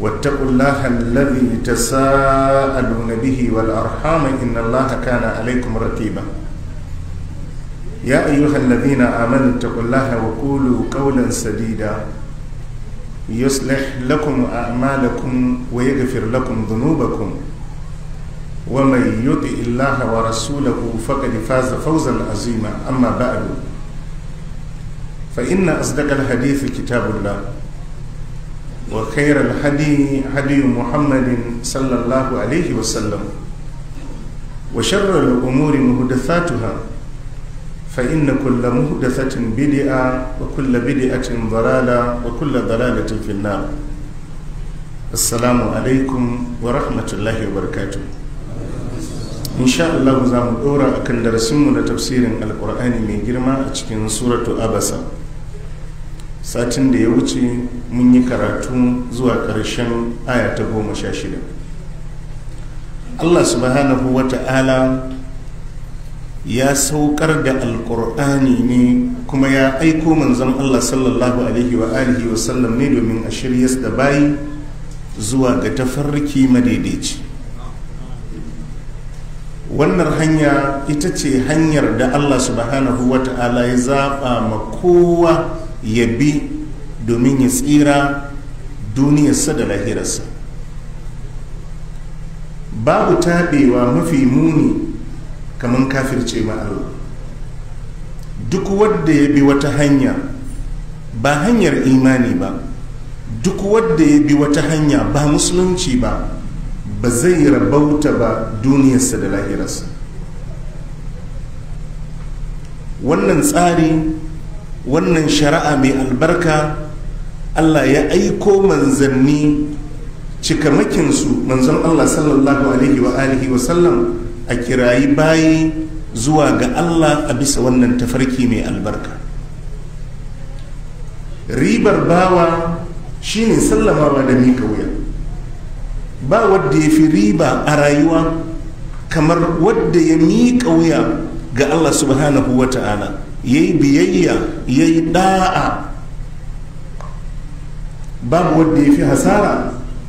واتقوا الله الذي تساءلون به والأرحام إن الله كان عليكم رتيبا يا أيها الذين آمنوا اتقوا الله وقولوا قولا سديدا يصلح لكم أعمالكم ويغفر لكم ذنوبكم ومن يطع الله ورسوله فقد فاز فوزا عظيما أما بعد فإن أصدق الحديث كتاب الله وخير الهدي هدي محمد صلى الله عليه وسلم وشر الأمور مهدثاتها فإن كل مهدثة بدعة وكل بدعة ضلالة وكل ضلالة في النار السلام عليكم ورحمة الله وبركاته إن شاء الله زام دورا أكن درسمنا تفسير القرآن من جرما أتكين سورة أبسا satin da ya wuce mun yi karatu zuwa ƙarshen aya ta goma sha shida allah subhanahu wa ta'ala ya saukar da alkur'ani ne kuma ya aiko manzon allah sallallahu alaihi wa alihi wa sallam ne domin a shirya da bayi zuwa ga tafarki madaidaici wannan hanya ita ce hanyar da allah subhanahu wa ta'ala ya zaɓa ma kowa ya bi domin ya tsira duniyarsa da lahirarsa babu taɓewa mafi muni kamar kafirce ma duk wadda ya bi wata hanya ba hanyar imani ba duk wadda ya bi wata hanya ba musulunci ba ba zai rabauta ba duniyarsa da lahirarsa wannan tsari wannan shari'a mai albarka allah ya aiko manzanni cikamakinsu manzon allah sallallahu alaihi wa alihi wa sallam a kirayi bayi zuwa ga allah a bisa wannan tafarki mai albarka ribar bawa shine sallamawa da mika wuya ba wadda ya fi riba a rayuwa kamar wadda ya miƙa wuya ga allah subhanahu wa ta'ala ya yi biyayya ya yi da'a babu wanda ya fi hasara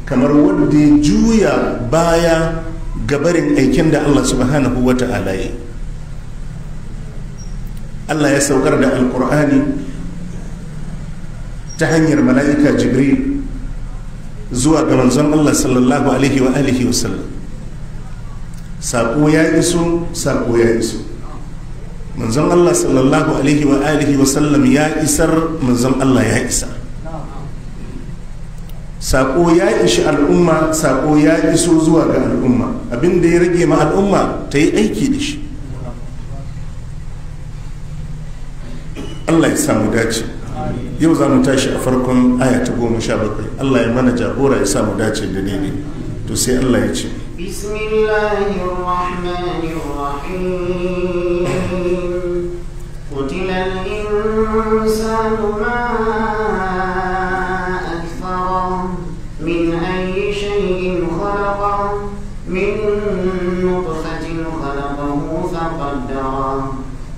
kamar wadda ya juya baya gabarin aikin da allah subhanahu wa ta'ala yi allah ya saukar da alkur'ani ta hanyar mala'ika jibril zuwa ga manzon allah sallallahu alaihi wa alihi wasallam saƙo ya iso saƙo ya iso manzon Allah sallallahu alaihi wa alihi wa sallam ya isar manzon Allah ya isa. sako ya ishi al'umma sako ya iso zuwa ga al'umma abin da ya rage ma al'umma ta yi aiki da shi Allah ya samu dace yau za mu tashi a farkon aya ta goma sha bakwai Allah ya mana jagora ya samu dace da ne to sai Allah ya ce الإنسان ما أكثره من أي شيء خلقه من نطفة خلقه فقدره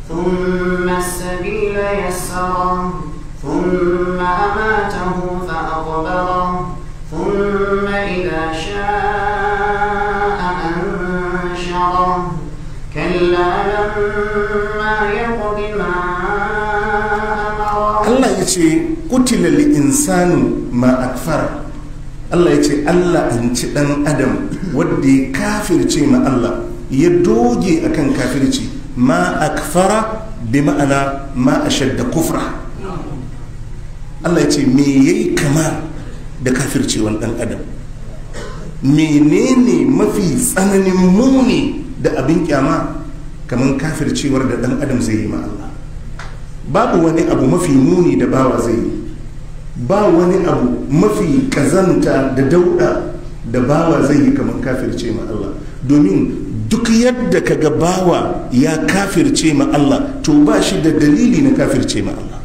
ثم السبيل يسره ثم أماته فأقبره ثم إذا شاء أنشره كلا لما يقوم ce kutilal insani ma akfara Allah ya ce Allah an ci dan adam wadda ya kafirce ma Allah ya doge akan kafirci ma akfara bi ma'ana ma ashadda kufra Allah ya ce me yayi kama da kafircewan dan adam menene mafi tsananin muni da abin kyama kamar kafircewar da dan adam zai yi ma Allah babu wani abu mafi muni da bawa zai yi ba wani abu mafi kazanta da dauda da bawa zai yi kamar kafirce ma Allah domin duk yadda kaga bawa ya kafirce ma Allah to ba shi da dalili na kafirce ma Allah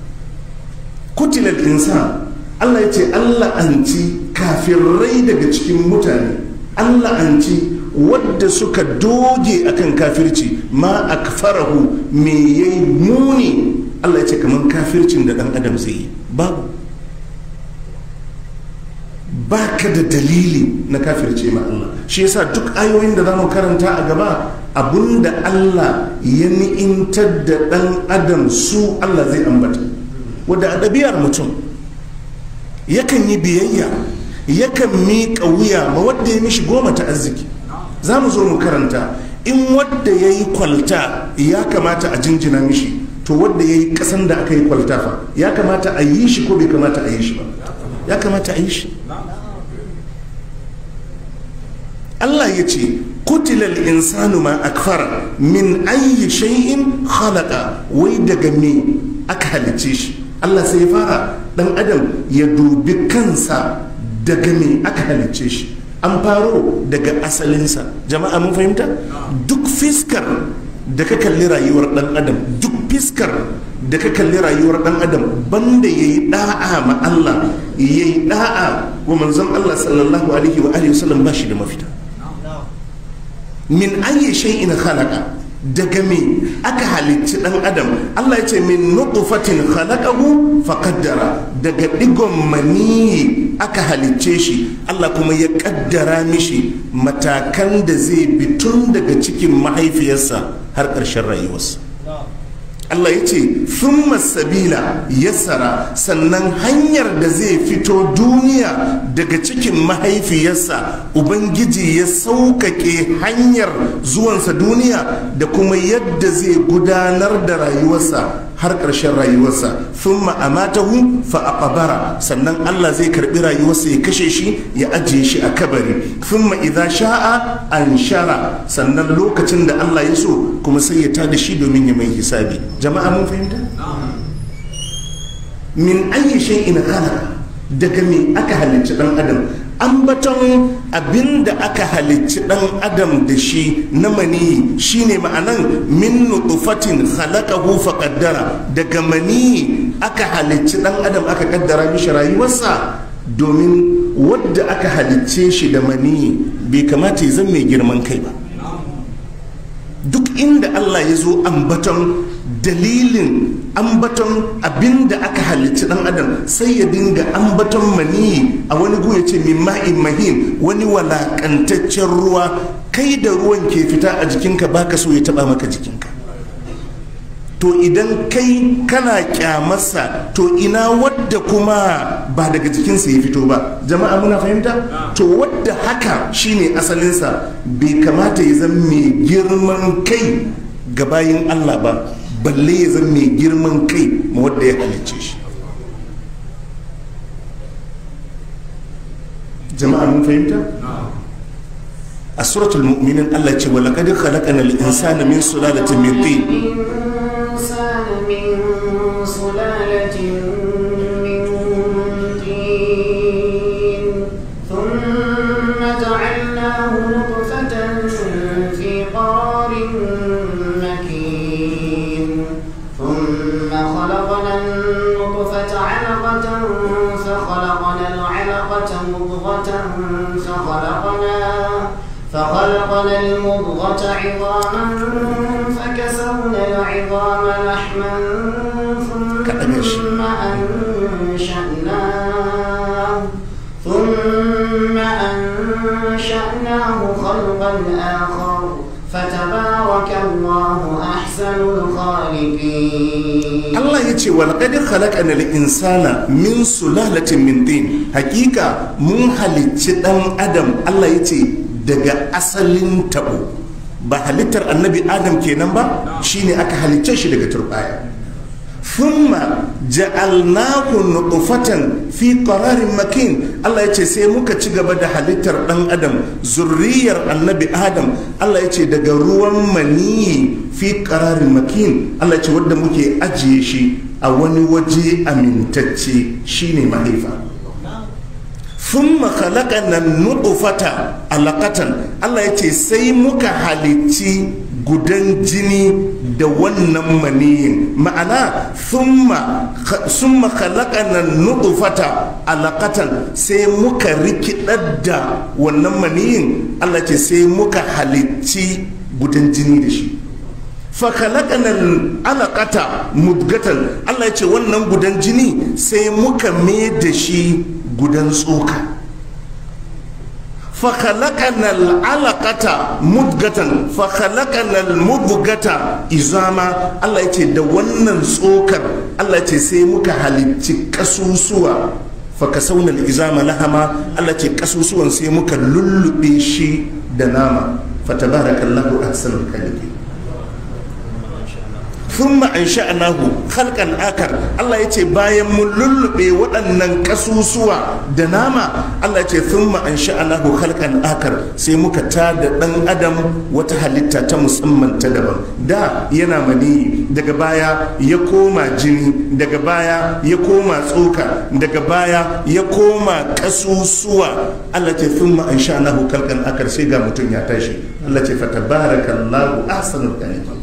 kutilar insan Allah ya ce Allah an ci kafirai daga cikin mutane Allah an ci wadda suka doge akan kafirci ma akfarahu me yayi muni allah ya ce kamar kafircin da dan adam zai yi babu ba ka da dalili na kafirce ma allah shi yasa duk ayoyin da za mu karanta a gaba abinda allah ya ni'intar da dan adam su allah zai ambata wadda a ɗabi'ar mutum yakan yi biyayya yakan miƙa wuya ma wadda ya mishi goma ta arziki za mu zo mu karanta in wadda ya yi kwalta ya kamata a jinjina mishi to wanda ya yi kasan da aka yi kwaltafa ya kamata a yi shi ko bai kamata a yi shi ba ya kamata a yi shi Allah ya ce kutilal insanu ma akfar min ayi shay'in khalaqa wai daga me aka halice shi Allah sai ya fara dan adam ya dubi kansa daga me aka halice shi an faro daga asalinsa jama'a mun fahimta duk fiskar da ka kalli rayuwar dan adam fiskar da ka kalli rayuwar ɗan adam banda yayi da'a ma Allah yayi ɗa'a wa manzon Allah sallallahu alaihi wa alihi wasallam ba shi da mafita min ayi shay'in khalaqa daga me aka halicci ɗan adam Allah ya ce min nutfatin khalaqahu faqaddara daga digon maniyi aka halicce shi Allah kuma ya ƙaddara mishi matakan da zai bi tun daga cikin mahaifiyarsa har ƙarshen rayuwarsa Allah ya ce thumma sabila tsara sannan hanyar da zai fito duniya daga cikin mahaifiyarsa ubangiji ya sauƙaƙe hanyar zuwansa duniya da kuma yadda zai gudanar da rayuwarsa har ƙarshen rayuwarsa sun hu fa aqbara sannan Allah zai karɓi rayuwarsa ya kashe shi ya ajiye shi a kabari sun idza sha'a anshara sannan lokacin da Allah ya so kuma sai ya tada shi domin ya mai hisabi jama'a mun fahimta min ayyi shay'in khalaqa daga me aka halicci dan adam ambaton abin da aka halicci dan adam da shi na mani shine ma'anan min nutfatin khalaqahu faqaddara daga mani aka halicci dan adam aka kaddara mishi rayuwarsa domin wadda aka halicce shi da mani bai kamata ya zama mai girman kai ba duk inda Allah ya zo ambaton dalilin ambaton abin da aka halicci dan adam sai ya dinga ambaton maniyi a wani gu ya ce min ma'in wani walakantaccen ruwa kai da ruwan ke fita a jikinka baka so ya taba maka jikinka to idan kai kana kyamarsa to ina wadda kuma ba daga jikinsa ya fito ba jama'a muna fahimta to wadda haka shine asalinsa bai kamata ya zama mai girman kai ga bayin allah ba balle ya zan mai girman kai ma wadda ya halicce shi jama'a mun fahimta a suratul mu'minin Allah ce wala kad khalaqana al-insana min sulalatin min tin خلقنا المضغة عظاما فكسونا العظام لحما ثم أنشأناه ثم أنشأناه خلقا آخر فتبارك الله أحسن الخالقين الله يتي ولقد خلقنا الإنسان من سلالة من دين حقيقة من حلت أدم الله يتي daga asalin tabo ba halittar annabi adam kenan ba shine aka halicce shi daga turbaya thumma ja'alnahu nutfatan fi qararin makin Allah yace sai muka ci gaba da halittar dan adam zurriyar annabi adam Allah yace daga ruwan maniyi fi qararin makin Allah yace wanda muke ajiye shi a wani waje amintacce shine mahaifa thumma khalaqana nutfata alaqatan Allah yace sai muka halicci gudan jini da wannan maniyin ma'ana thumma summa khalaqana nutfata alaqatan sai muka rikidar da wannan maniyin Allah ce sai muka halicci gudan jini da shi fakalakanan alakata mudgatan allah ya ce wannan gudan jini sai muka me da shi gudan tsoka fakalakana al'alakata mudgatan fakalakana al'mudgata izama allah ya ce da wannan tsokar allah ya ce sai muka halicci kasusuwa fakasaunar izama lahama allah ce kasusuwan sai muka lullube shi da nama fatabarakallahu ahsanul khaliqin thumma ansha'nahu khalqan akar Allah yace bayan mun lullube waɗannan kasusuwa da nama Allah yace thumma ansha'nahu khalqan akar sai muka ta da ɗan adam wata halitta ta musamman ta daban da yana mani daga baya ya koma jini daga baya ya koma tsoka daga baya ya koma kasusuwa Allah ce thumma ansha'nahu khalqan akar sai ga mutum ya tashi Allah ce fatabarakallahu ahsanul khaliqin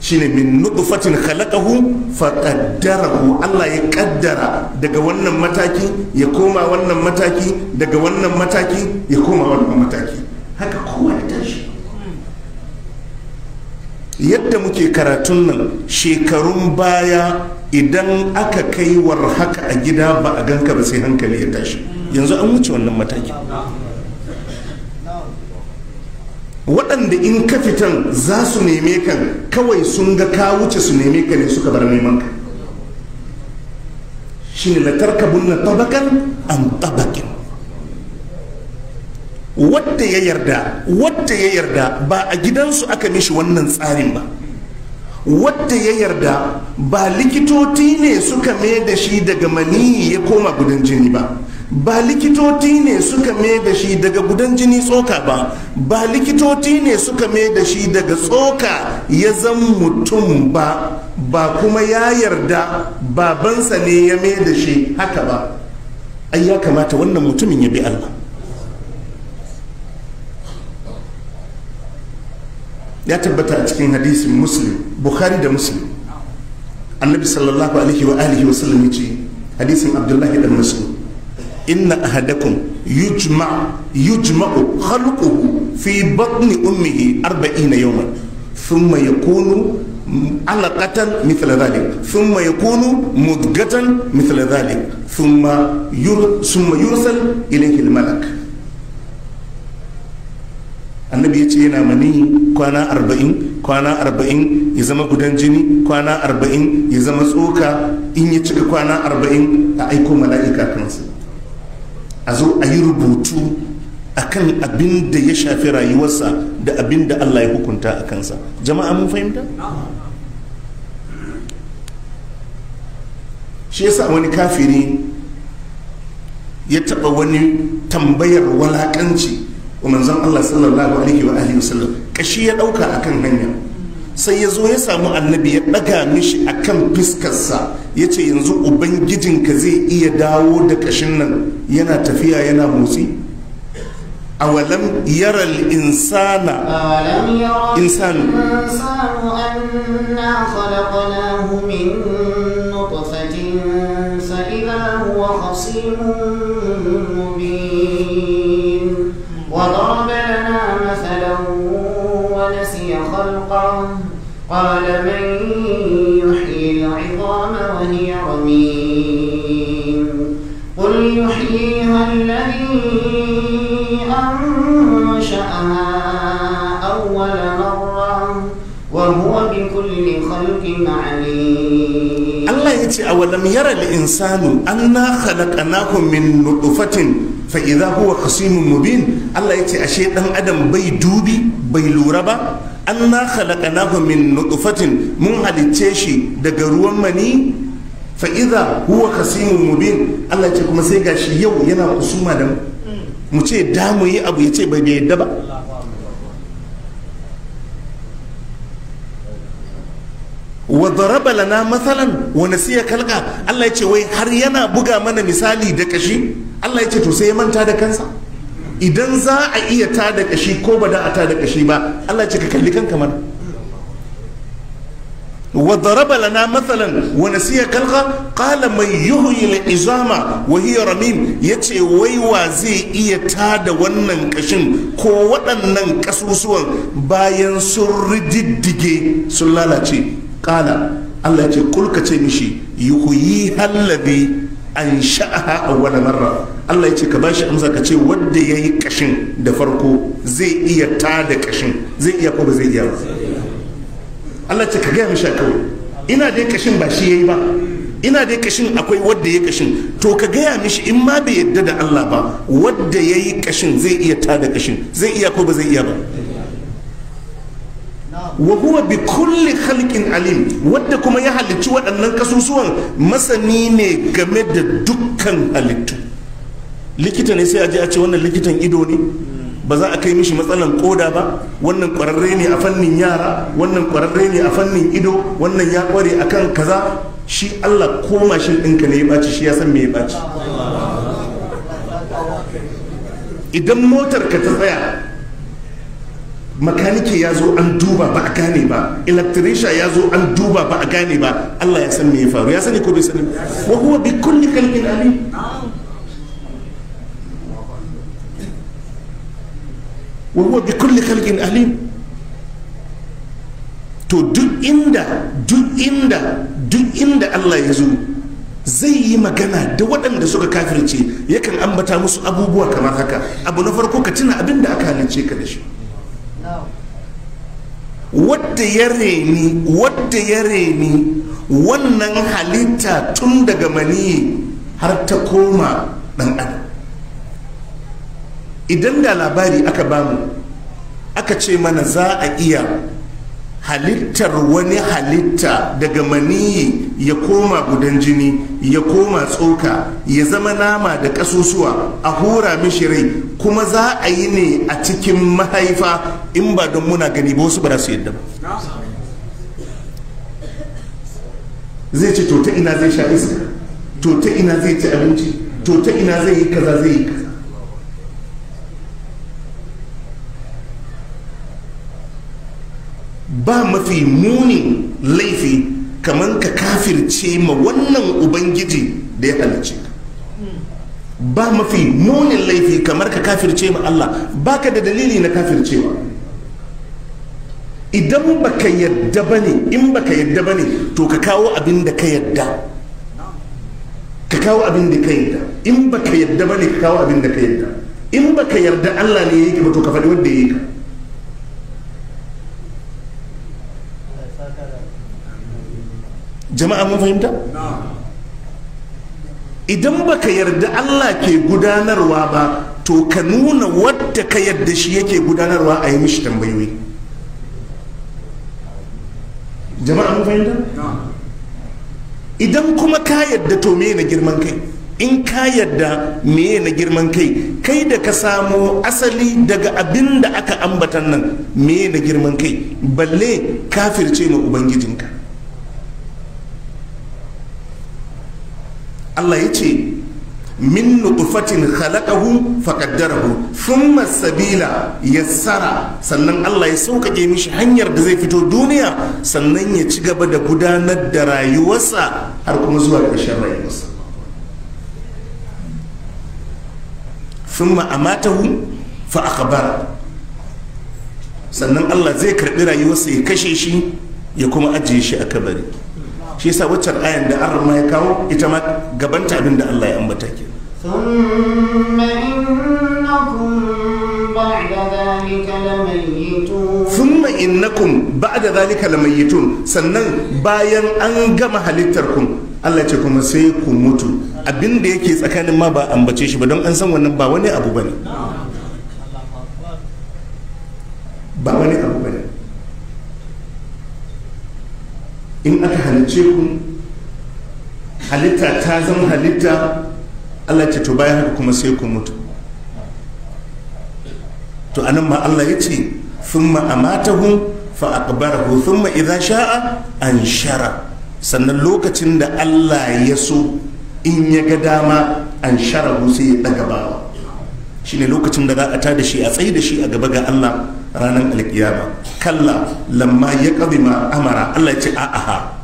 shine min nutfatin khalaqahu faqaddarahu Allah ya kaddara daga wannan mataki ya koma wannan mataki daga wannan mataki ya koma wannan mataki haka kowa ya tashi yadda muke karatun nan shekarun baya idan aka kai war haka a gida ba a ganka ba sai hankali ya tashi yanzu an wuce wannan mataki waɗanda in ka fitan za su neme kan kawai sun ga ka wuce su neme ka ne suka bar neman ka na tarka bunna tabakan an tabakin wadda ya yarda wadda ya yarda ba a gidansu aka mishi wannan tsarin ba wadda ya yarda ba likitoti ne suka mai da shi daga maniyi ya koma gudan jini ba ba likitoti ne suka mai da shi daga gudan jini tsoka ba ba likitoti ne suka mai da shi daga tsoka ya zan mutum ba ba kuma ya yarda babansa ne ya mai da shi haka ba ai ya kamata wannan mutumin ya bi allah ya tabbata a cikin hadisin muslim bukhari da muslim annabi sallallahu alaihi wa alihi wa sallam ya ce hadisin abdullahi dan muslim inna ahadakum yujma yujma'u khalquhu fi batni ummihi 40 yawman thumma yakunu علقة مثل ذلك ثم يكون مدقة مثل ذلك ثم ير... ثم يرسل إليه الملك annabi ya ce yana mani kwana arba'in kwana arba'in ya zama gudan jini kwana arba'in ya zama tsoka in ya cika kwana arba'in a aiko mala'ika kansa a zo a yi rubutu a kan abin da ya shafi rayuwarsa da abin da Allah ya hukunta a kansa jama'a mun fahimta shi yasa wani kafiri ya taba wani tambayar walakanci wa manzan Allah sallallahu alaihi wa alihi wasallam kashi ya dauka akan hanya sai ya zo ya samu annabi ya ɗaga mishi a kan fiskarsa ya ce yanzu ubangijinka zai iya dawo da ƙashin nan yana tafiya yana motsi awalam yaral insana insanu min قال من يحيي العظام وهي رميم قل يحييها الذي أنشأها أول مرة وهو بكل خلق عليم الله يتي أولم يرى الإنسان أنا خلقناه من نطفة فإذا هو خصيم مبين الله يتي أشيء أدم بي دوبي بي لوربا an na khalaqnahu min nutufatin mun halicce shi daga ruwan mani fa'iza huwa khasimun mubin Allah ce kuma sai gashi yau yana kusuma da mu ce da yi abu ya ce bai bai yadda ba wa daraba lana mathalan wa nasiya kalqa Allah ya ce wai har yana buga mana misali da kashi Allah ya ce to sai ya manta da kansa idan za a iya ta da kashi ko ba da a ta da kashi ba Allah ce ka kalli kan kamar. wa daraba lana mathalan wa nasiya kalqa qala man yuhyi al-izama wa hiya ramim yace wai wa zai iya ta da wannan ƙashin? ko waɗannan ƙasusuwan bayan sun rididdige sun lalace qala Allah ce kulka ce mishi yuhyi halladhi an sha'aha a wani marra Allah ya ce ka bashi amsa ka ce wanda ya yi kashin da farko zai iya ta da kashin zai iya ko ba zai iya ba Allah ce ka gaya mishi kawai ina dai kashin ba shi ya yi ba ina dai kashin akwai wadda ya yi kashin to ka gaya mishi in ma bai yadda da Allah ba wadda ya yi kashin zai iya ta da kashin zai iya ko ba zai iya ba wa huwa bi kulli khalqin alim wanda kuma ya halicci waɗannan kasusuwan masani ne game da dukkan halittu likita ne sai a je a ce wannan likitan ido ne ba za a kai mishi matsalan koda ba wannan kwararre ne a fannin yara wannan kwararre ne a fannin ido wannan ya kware akan kaza shi Allah ko mashin ɗinka ne ya ɓaci shi ya san me ya ɓaci idan motar ka ta tsaya makanike ya zo an duba ba a gane ba electrician ya zo an duba ba a gane ba Allah ya san me ya faru ya sani ko bai sani wa huwa bi kulli kalbin alim wa huwa bi kulli kalbin alim to duk inda duk inda duk inda Allah ya zo zai yi magana da waɗanda suka kafirce yakan ambata musu abubuwa kamar haka abu na farko ka tuna abin da aka halince ka da shi wadda ya reni wadda ya reni wannan halitta tun daga maniyi har ta koma dan adam idan da labari aka bamu aka ce mana za a iya halittar wani halitta daga maniyi ya koma gudan jini ya koma tsoka ya zama nama da ƙasusuwa a hura mishi rai kuma za a yi ne a cikin mahaifa in ba don muna gani ba wasu ba su yadda ba zai ce to ta ina zai sha iska to ta ina zai ci abinci to ta ina zai yi kaza zai yi kaza ba mafi munin laifi kamar ka kafirce ma wannan ubangiji da ya halice ka ba mafi munin laifi kamar ka kafirce ma Allah ba ka da dalili na kafircewa idan baka yadda ne in baka yadda ne to ka kawo abin da ka yadda ka kawo abin da ka yadda in baka yadda ne ka kawo abin da ka yadda in baka yarda Allah ne ya yi ka ba to ka faɗi wanda ya yi ka jama'a mun fahimta idan baka yarda Allah ke gudanarwa ba to ka nuna wadda ka yarda shi yake gudanarwa a yi mishi tambayoyi jama'a mun fahimta idan kuma ka yarda to me na girman kai in ka yarda me na girman kai kai da ka samo asali daga abin da aka ambata nan me na girman kai balle kafirce ma ubangijinka Allah ya ce min nutfatin khalaqahu faqaddarahu thumma sabila yassara sannan Allah ya sauƙaƙe mishi hanyar da zai fito duniya sannan ya ci gaba da gudanar da rayuwarsa har kuma zuwa ƙarshen rayuwarsa thumma amatahu fa akhbara sannan Allah zai karɓi rayuwarsa ya kashe shi ya kuma ajiye shi a kabari shi yasa waccan ayan da an ya kawo ita ma gabanta abin da Allah ya ambata ke thumma innakum ba'da zalika lamayitun sannan bayan an gama halittar kun Allah ce kuma sai ku mutu abin da yake tsakanin ma ba ambace shi ba don an san wannan ba wani abu bane ba wani in aka halice ku halitta ta zama halitta allah ce to bayan haka kuma sai ku mutu to anan ma allah ya ce thumma amatahu fa aqbarahu thumma idza sha'a anshara sannan lokacin da allah ya so in ya ga dama ansharahu sai ya daga bawa shine lokacin da za a tada shi a tsaye da shi a gaba ga allah ranar alkiyama kalla lamma ya ma amara Allah ce ce aha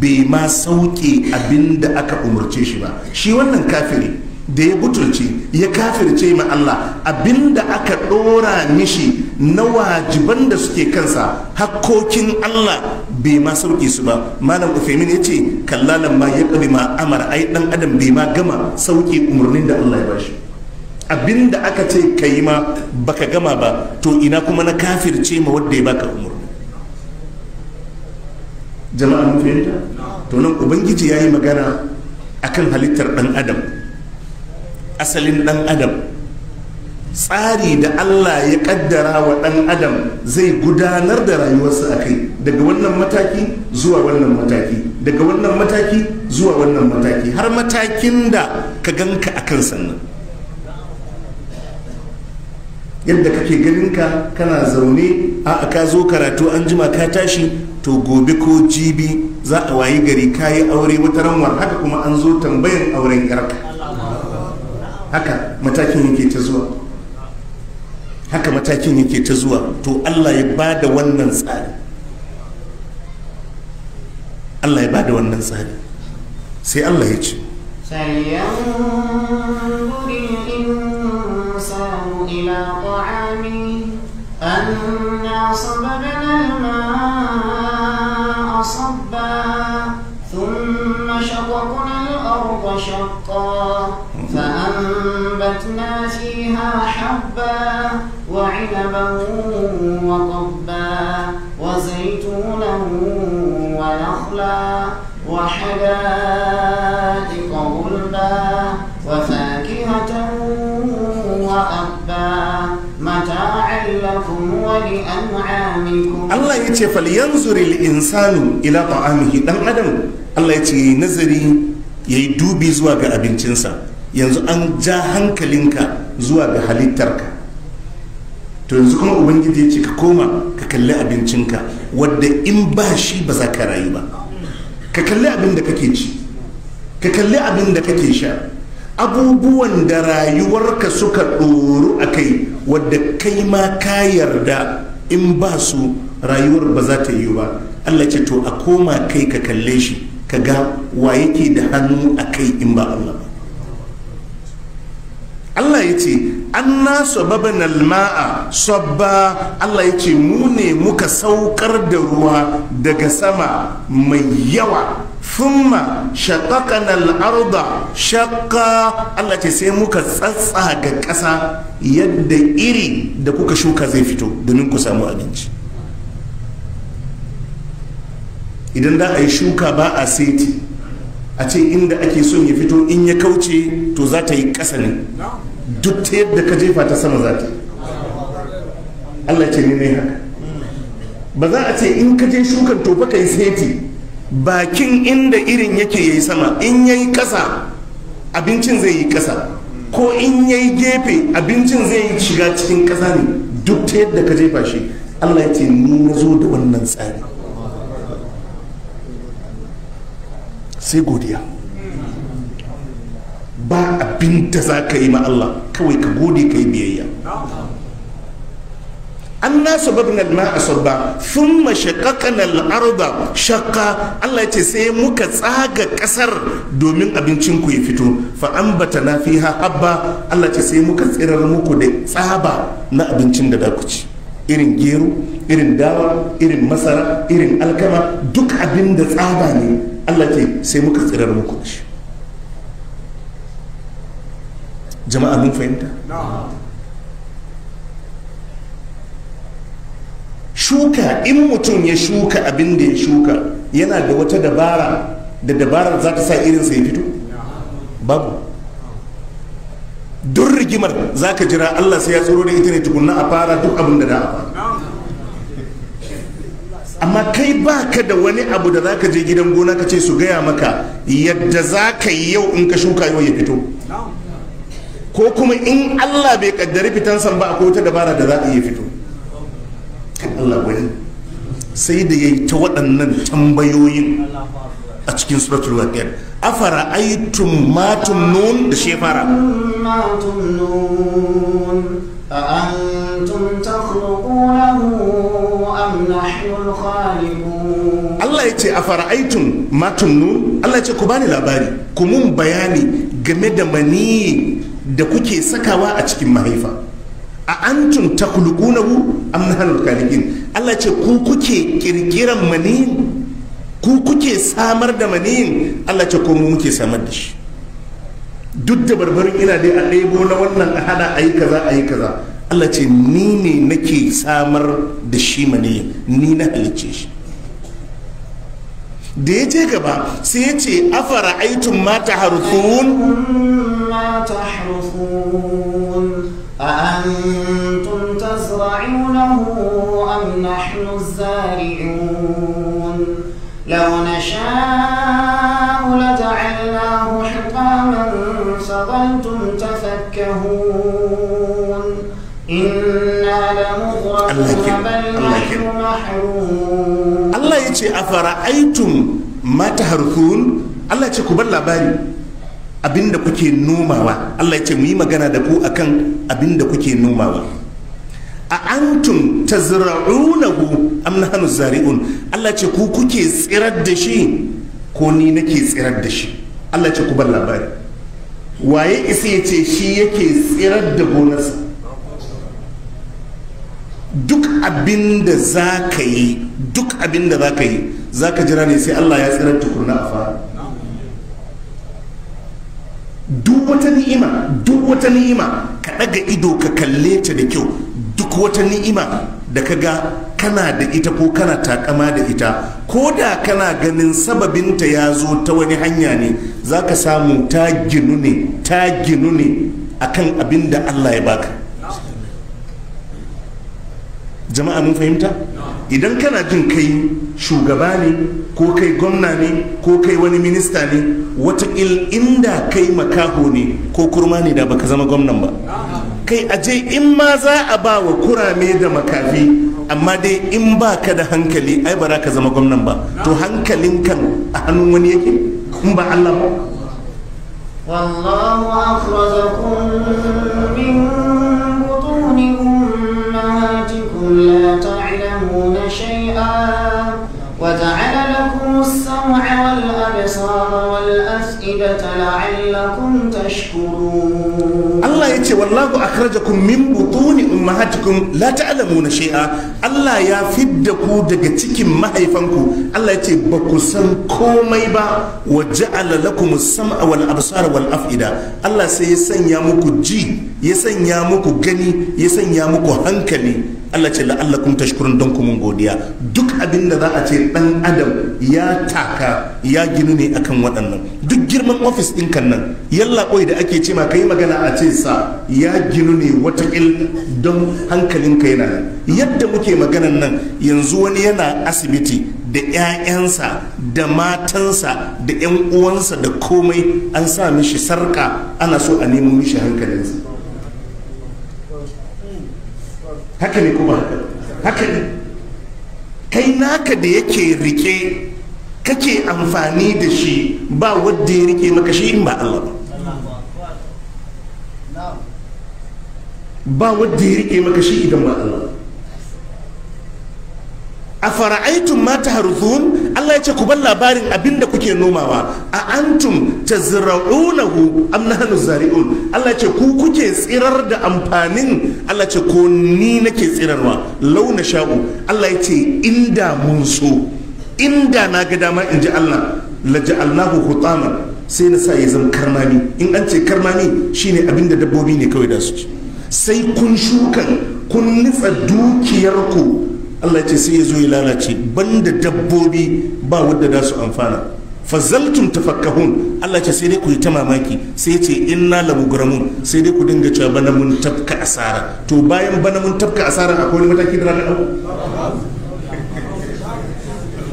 bai ma sauke abin da aka umarce shi ba shi wannan kafiri da ya butulci ya kafirce ma Allah abin da aka ɗora mishi na wajiban da suke kansa hakkokin Allah bai ma sauke su ba malam ufemin ya ce kalla lamma ya ma amara ai dan adam bai ma gama sauke umarnin da Allah ya bashi abinda aka ce ka yi ma baka gama ba to ina kuma na kafirce ma wadda ya baka umarni jama'a fahimta to nan ubangiji ya yi magana a kan halittar dan adam asalin ɗan adam tsari da allah ya kaddara wa ɗan adam zai gudanar da rayuwarsa a kai daga wannan mataki zuwa wannan mataki daga wannan mataki zuwa wannan mataki har matakin da ka ganka kan sannan yadda kake ganin ka kana zaune a ka zo karatu an jima ka tashi to gobe ko jibi za a wayi gari kayi aure wata ranwar haka kuma an zo tambayan auren yarka haka matakin yake ta zuwa haka matakin yake ta zuwa to allah ya ba da wannan tsari allah ya ba da wannan tsari sai allah ya ce sai yanzu الإنسان وشقا فأنبتنا فيها حبا وعنبا وقبا وزيتونا ونخلا وحدائق غلبا وفاكهة وأبا متاعا لكم ولأنعامكم الله يتفل ينظر الإنسان إلى طعامه دم أدم الله يتي نزري ya yi dubi zuwa ga abincinsa yanzu an ja hankalinka zuwa ga halittarka to yanzu kuma ubangiji ya ce ka koma ka kalli abincinka wadda in ba shi ba za ka rayu ba ka kalli abin da kake ci ka kalli abin da kake sha abubuwan da rayuwarka suka ɗoru a kai wadda kai ma ka yarda in ba su rayuwar ba za ta yi ba allah ce to a koma kai ka kalle shi ka ga wa yake da hannu a kai in ba Allah ba Allah ya ce an na sababan alma'a sabba Allah ya ce mu ne muka saukar da ruwa daga sama mai yawa thumma shaqaqan al-arda shaqqa Allah ce sai muka tsatsa ga ƙasa yadda iri da kuka shuka zai fito domin ku samu abinci idan za a yi shuka ba a seti a ce inda ake son ya fito in ya kauce to za ta yi ƙasa ne duk ta yadda ka jefa ta sama za ta Allah ce ne haka ba za a ce in ka je shukan to fa kai seti bakin inda irin yake yayi sama in yayi ƙasa abincin zai yi ƙasa ko in yayi gefe abincin zai yi shiga cikin ƙasa ne duk ta yadda ka jefa shi Allah ya ce ni zo da wannan tsari sai godiya ba abinda binta za ka yi ma Allah kawai ka gode ka yi biyayya an na sababna ba maa sabba shaƙaƙa na la'ar da shaƙa Allah ce sai muka tsaga kasar domin abincin ku ya fito fa fi ha habba Allah ce sai muka tsirar muku da tsaba na abincin da da ku ci irin gero irin dawa irin masara irin alkama duk abin da tsaba ne allah ce sai muka tsirar muku da shi jama'a mun fahimta shuka in mutum ya shuka abin da ya shuka yana da wata dabara da dabarar za ta sa irinsa ya fito babu rigimar za ka jira allah sai ya tsoro da ita ne tukunna a fara duk abin da da amma kai ba ka da wani abu da za ka je gidan gona ka ce su gaya maka yadda za ka yi yau in ka shuka yau ya fito ko kuma in allah bai kaddari fitan san ba akwai wata dabara da za a yi fito allah gwani sai da ya yi ta waɗannan tambayoyin a cikin suratul waƙiyar afara aitum matum nun da shi fara matum nun a antum takhluqunahu am nahnu Allah yace afara aitum matum nun Allah yace ku bani labari ku mun bayani game da mani da kuke sakawa a cikin mahaifa a antum takhluqunahu am nahnu khaliqin Allah yace ku kuke kirkiran mani ku kuke samar da maniyin Allah ce ko muke samar da shi duk da barbarin ina dai a ɗebo na wannan a hada a yi kaza a yi kaza Allah ce ni ne nake samar da shi maniyin ni na halicce shi da ya ce gaba sai ya ce afara aitun mata harfun mata لو نشاء لجعلناه حقاما فظلتم تفكهون إنا لمغرقون بل نحن محرومون الله يتي أفرأيتم ما تهرثون الله يتي كبر labari abinda kuke nomawa Allah ya ce mu yi magana da ku akan abinda kuke nomawa a antum tazra'unahu am nahnu zari'un Allah ce ku kuke tsirar da shi ko ni nake tsirar da shi Allah ce ku bar labari waye isa ya ce shi yake tsirar da gonarsa duk abin da za ka yi duk abin da za ka yi za ka jira ne sai Allah ya tsirar tukurna a fara duk wata ni'ima duk wata ni'ima ka ɗaga ido ka kalle ta da kyau duk wata ni'ima da ka ga kana da ita ko kana takama da ita ko da kana ganin sababinta ya zo ta wani hanya ne za ka samu ta ginu ne ta ginu ne akan abin da allah ya baka jama'a mun fahimta idan kana jin kai shugaba ne ko kai gwamna ne ko kai wani minista ne wata inda kai makaho ne ko kurma ne da baka zama gwamnan ba kai aje in ma za a ba wa kurame da makafi amma dai in ba ka da hankali ai ba za ka zama gwamnan ba to hankalin kan a hannun wani yake in ba Allah ba wallahu akhrajakum min butuni ummatikum la ta'lamuna shay'an وجعل لكم السمع والأبصار والأفئدة لعلكم تشكرون الله يتي والله أخرجكم من بطون أمهاتكم لا تعلمون شيئا الله يا فدكو دقتك ما يفنكو الله يتي بكسن كومي با وجعل لكم السمع والأبصار والأفئدة الله سيسن يا مكجي ya sanya muku gani ya sanya muku hankali Allah ce kun tashkurun don kuma godiya duk abin da za a ce ɗan adam ya taka ya ginu ne akan waɗannan duk girman ofis ɗin kan nan yalla koi da ake ce ma kai magana a ce sa ya ginu ne watakil don hankalinka yana nan yadda muke maganan nan yanzu wani yana asibiti da 'ya'yansa da matansa da 'yan uwansa da komai an sa mishi sarka ana so a nemo mishi hankalinsa haka ne kuma haka ne kai naka da yake rike kake amfani da shi ba wadda ya rike maka shi in ba Allah ba ba wadda ya rike maka shi idan ba Allah a fara'aitun mata harzun Allah ya ce ku bar labarin abin da kuke nomawa a antum tazra'unahu am nahnu zari'un Allah ya ce ku kuke tsirar da amfanin Allah ya ce ko ni nake tsirarwa launa sha'u Allah ya ce inda mun so inda na ga dama in ji Allah laja'alnahu hutaman sai na sa ya zama karmani in an ce karmani shine abinda dabbobi ne kawai da su sai kun shukan kun nitsa ku Allah ce sai ya zo ya lalace banda dabbobi ba wadda da su amfana fazaltum tafakkahun Allah ce sai dai ku yi ta mamaki sai ce inna la mugramun sai dai ku dinga cewa bana mun tafka asara to bayan bana mun tafka asara akwai wani mataki da zaka dauko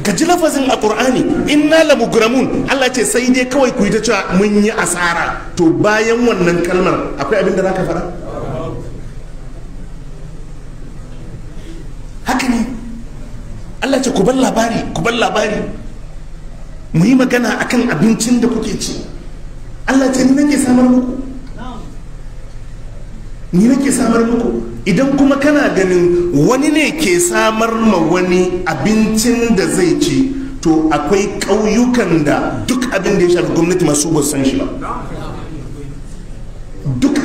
ka ji lafazin a qur'ani inna la gramun Allah ce sai dai kawai ku yi ta cewa mun yi asara to bayan wannan kalmar akwai abin da zaka fara ku bar labari ku bar labari mu yi magana akan abincin da kuke ci Allah ce ni nake samar muku ni nake samar muku idan kuma kana ganin wani ne ke samar ma wani abincin da zai ci to akwai ƙauyukan da duk abin da ya shafi gwamnati masu san shi ba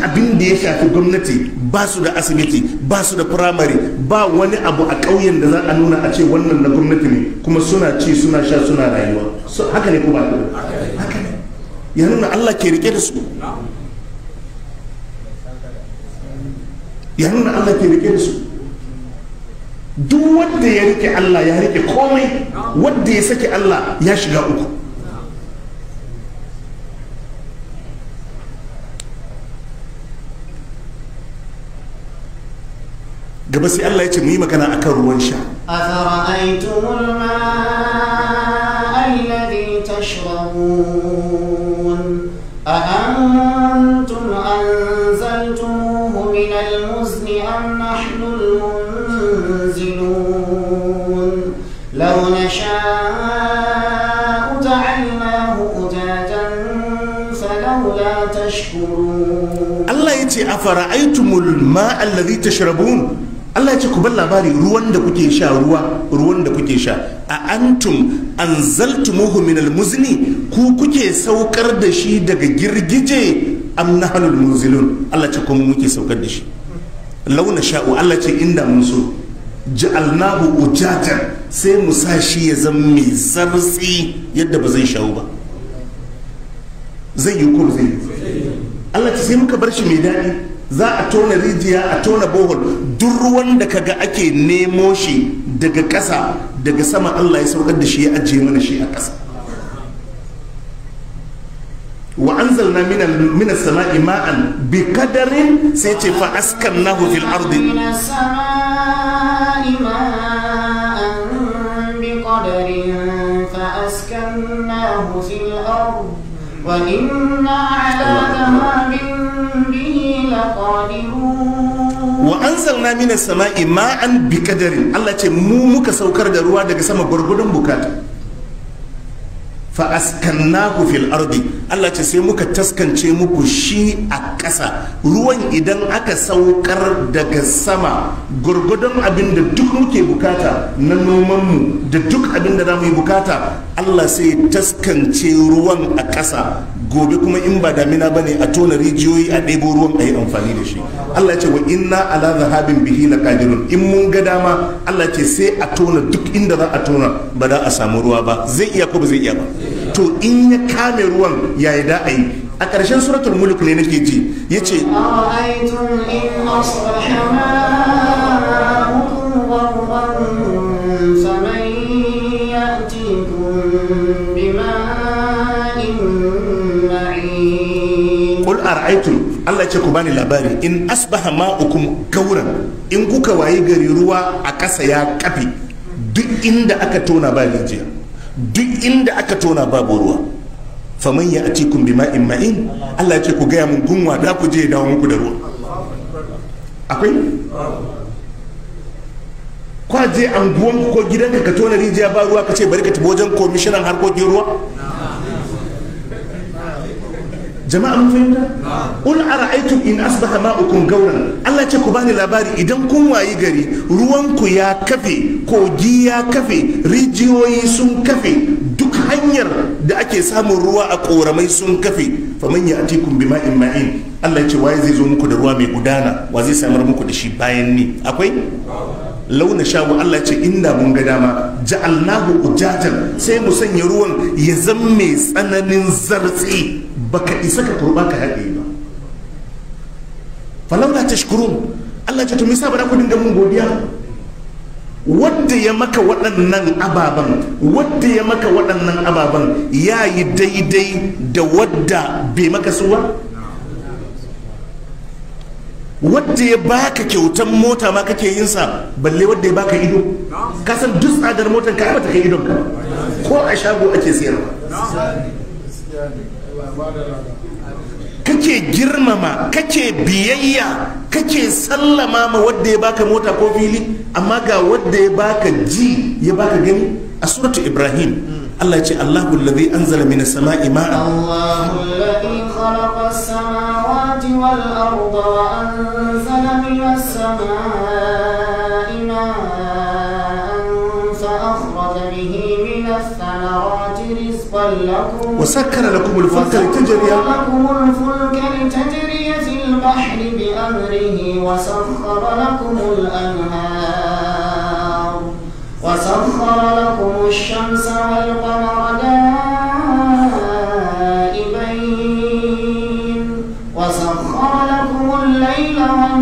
abin da ya shafi gwamnati ba su da asibiti ba su da firamare ba wani abu a ƙauyen da za a nuna a ce wannan na gwamnati ne kuma suna ci suna sha suna rayuwa haka ne kuma haka ne ya nuna allah ke rike da su ya nuna allah ke rike da su duk wanda ya rike allah ya rike komai wanda ya sake allah ya shiga uku gaba sai Allah ya ce mu yi magana akan ruwan sha afara'aytumul ma'a alladhi tashrabun a antum anzaltumuhu min al am nahnu al law nasha'u Allah ya ce afara'aytumul ma'a alladhi tashrabun Allah ya ce ku bar labari ruwan da kuke sha ruwa ruwan da kuke sha a antum anzaltumuhu min almuzni ku kuke saukar da shi daga girgije am nahnul muzilun Allah ce kuma muke saukar da shi launa sha'u Allah ce inda mun so ja'alnahu ujajan sai mu sa shi ya zama mai zartsi yadda ba zai sha'u ba zai yi ko zai Allah ce sai muka bar shi mai daɗi za a tona rijiya a tona bohol duk ruwan da kaga ake nemo shi daga ƙasa daga sama Allah ya saukar da shi ya ajiye mana shi a ƙasa wa anzalna min as-sama'i ma'an bi qadarin sai ce fa askannahu fil ardi wa anzalna minas sama'i ma'an bi qadarin Allah ce mu muka saukar da ruwa daga sama gurgudun bukata fa askannahu fil ardi Allah ce sai muka taskance muku shi a ƙasa ruwan idan aka saukar daga sama gurgudun abin da duk muke bukata na noman mu da duk abin da za mu yi bukata Allah sai taskance ruwan a ƙasa gobe kuma in ba damina ne a tona rijiyoyi a ɗebo ruwan a yi amfani da shi Allah ce wa inna ala zahabin bihi na qadirun in mun ga dama Allah ce sai a tona duk inda za a tona ba za a samu ruwa ba zai iya ko ba zai iya ba to in ya kame ruwan yayi da ayi a ƙarshen suratul mulk ne nake ji yace ar'aitum Allah ce ku bani labari in asbaha ma'ukum gauran in kuka wayi gari ruwa a ƙasa ya kafe duk inda aka tona ba rijiya duk inda aka tona babu ruwa faman ya atikum bima ma'in Allah ce ku gaya mun gunwa da ku je dawo muku da ruwa akwai kwaje anguwanku ko gidanka ka tona rijiya ba ruwa ka ce bari ka tafi wajen komishinan harkokin ruwa jama'a mun fahimta ul ara'aytum in asbaha ma'ukum gauran Allah ce ku bani labari idan kun wayi gari ruwan ku ya kafe kogi ya kafe rijiyoyi sun kafe duk hanyar da ake samun ruwa a koramai sun kafe faman ya'tikum bima'in ma'in Allah ce waye zai zo muku da ruwa mai gudana wa zai samar muku da shi bayan ni akwai launa shago Allah ce inda mun ga dama ja'alnahu ujajan sai mu sanya ruwan ya zama mai tsananin zartsi baka isa ka kurba ka haɗe ba ta tashkurun Allah ce to me ba da ku dinga mun godiya wadda ya maka waɗannan ababen wadda ya maka waɗannan ababen ya yi daidai da wadda bai maka su ba wadda ya baka kyautan mota ma kake yin sa balle wadda ya baka ido ka san duk tsadar motar ka ba ta kai idon ka ko a shago ake siyarwa kake girmama kake biyayya kake sallama ma wadda ya baka mota ko fili amma ga wadda ya baka ji ya baka gani a suratu ibrahim Allah ce Allahu alladhi anzala minas sama'i ma'a Allahu alladhi khalaqa as-samawati wal arda wa anzala minas sama'i به من الثمرات رزقا لكم وسكر لكم الفلك لتجري لكم الفلك لتجري في البحر بأمره وسخر لكم الأنهار وسخر لكم الشمس والقمر دائبين وسخر لكم الليل والنهار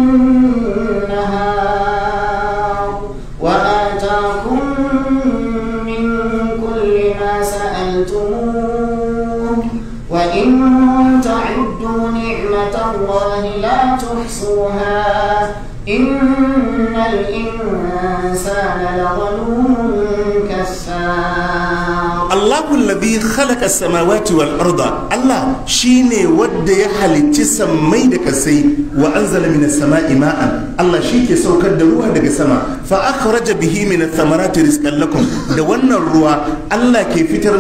يحصوها إن الإنسان لظلوم كفار الله الذي خلق السماوات والأرض الله شيني ود يحل تسمي دك سي وأنزل من السماء ماء الله شيك سوكر كدروها دك سما فأخرج به من الثمرات رزقا لكم دوانا الروا الله كيف ke fitar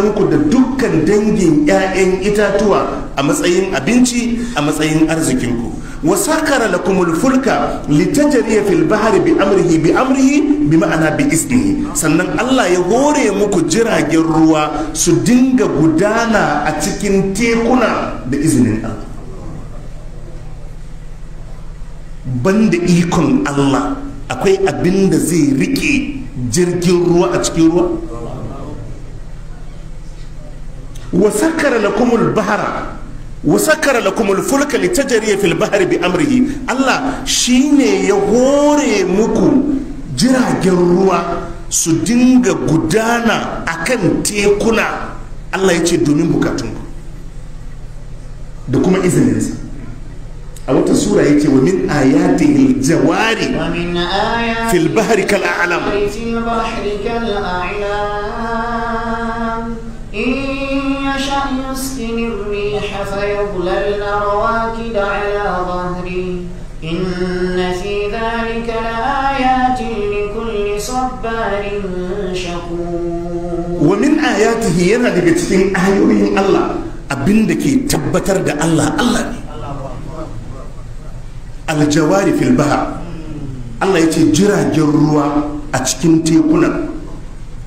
دنجين يا إن إتاتوا 'ya'yan itatuwa a matsayin abinci a Wasakara sakara lakumul fulka litajriya fil bahri bi amrihi bi amrihi bi ma'ana bi isnihi sannan Allah ya hore muku jiragen ruwa su dinga gudana a cikin tekuna da izinin Allah banda ikon Allah akwai abinda zai riƙe jirgin ruwa a cikin ruwa wa sakara lakumul bahra wasakara lakumul fulka litajriya fil bahri bi amrihi Allah shi ne ya hore muku jiragen ruwa su dinga gudana akan tekuna Allah ya ce domin bukatun da kuma izininsa a wata sura yake wa min ayatihi jawari fil bahri kal a'lam نشأ يسكن الريح فيضللن رواكد على ظهري إن في ذلك لآيات لكل صبار شكور ومن آياته ينادي بتسين آيوه الله أبندك تبتر دا الله الله الجوار في البحر الله يتجرى جروة أتكنتي كنك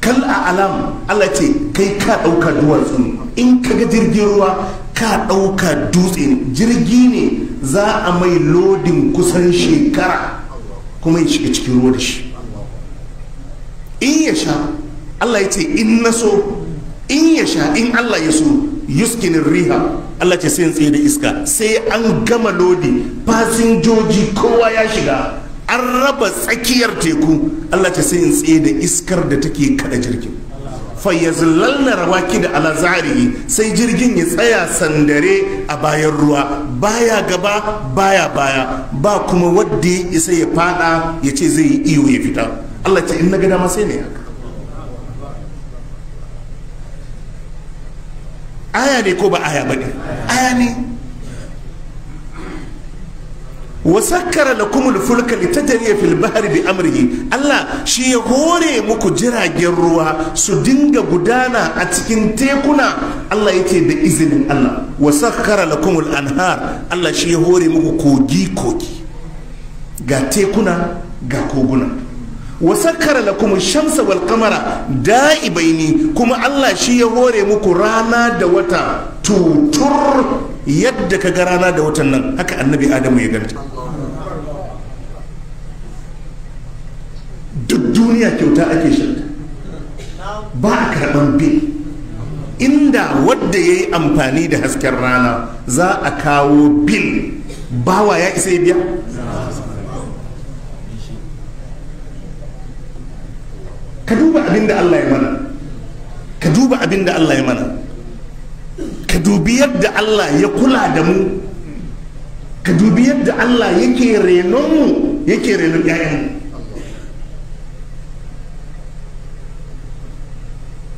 kal a alam Allah ce kai ka ɗauka duwatsu in ka ga jirgin ruwa ka ɗauka dutse jirgi ne za a mai lodin kusan shekara kuma ya shiga cikin ruwa da shi in ya sha Allah ya ce in na so in ya sha in Allah ya so yuskinin riha Allah ce sai tsaye da iska sai an gama lodi fasinjoji kowa ya shiga an raba tsakiyar teku Allah ce sai in tsaye da iskar da take kada jirgin rawa rawaki da alazari sai jirgin ya tsaya sandare a bayan ruwa baya gaba baya baya ba kuma wadda ya isa ya fada ya ce zai yi iyo ya fita Allah ce in na ga dama sai ne aya ne ko ba aya ba ne aya ne wa da lakumul fulka ta jariya filbahari bi amurki. Allah shi ya hore muku jiragen ruwa su dinga gudana a cikin tekuna Allah yake da izinin Allah wa da kuma anhar Allah shi ya hore muku kogi kogi ga tekuna ga koguna wa da kuma shamsa wal da'ibaini kuma Allah shi ya hore muku rana da wata tutur yadda ka ga rana da watan nan haka annabi adamu ya ganta duk duniya kyauta ake shanta ba a karɓan bil inda wadda ya yi amfani da hasken rana za a kawo bin bawa ya isa ya biya ka duba abin da allah ya mana ka duba abin da allah ya mana dubi yadda Allah ya kula da mu ka dubi yadda Allah yake renon mu yake renon ƴaƴan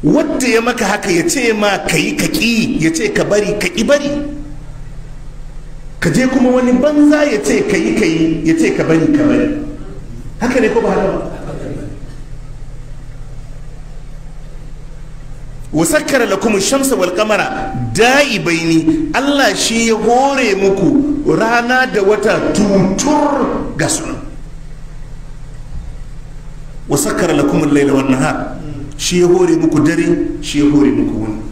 wadda ya maka haka ya ce ma ka yi kaƙi ya ce ka bari ka ƙi bari ka je kuma wani banza ya ce ka yi ka yi ya ce ka bari ka bari haka ne ko ba haka ba wasakkar kuma shamsa wal bai ni Allah shi ya hore muku rana da wata tutur ga su wasakkar da kuma laila wani nahar shi ya hore muku dare shi ya hore muku wani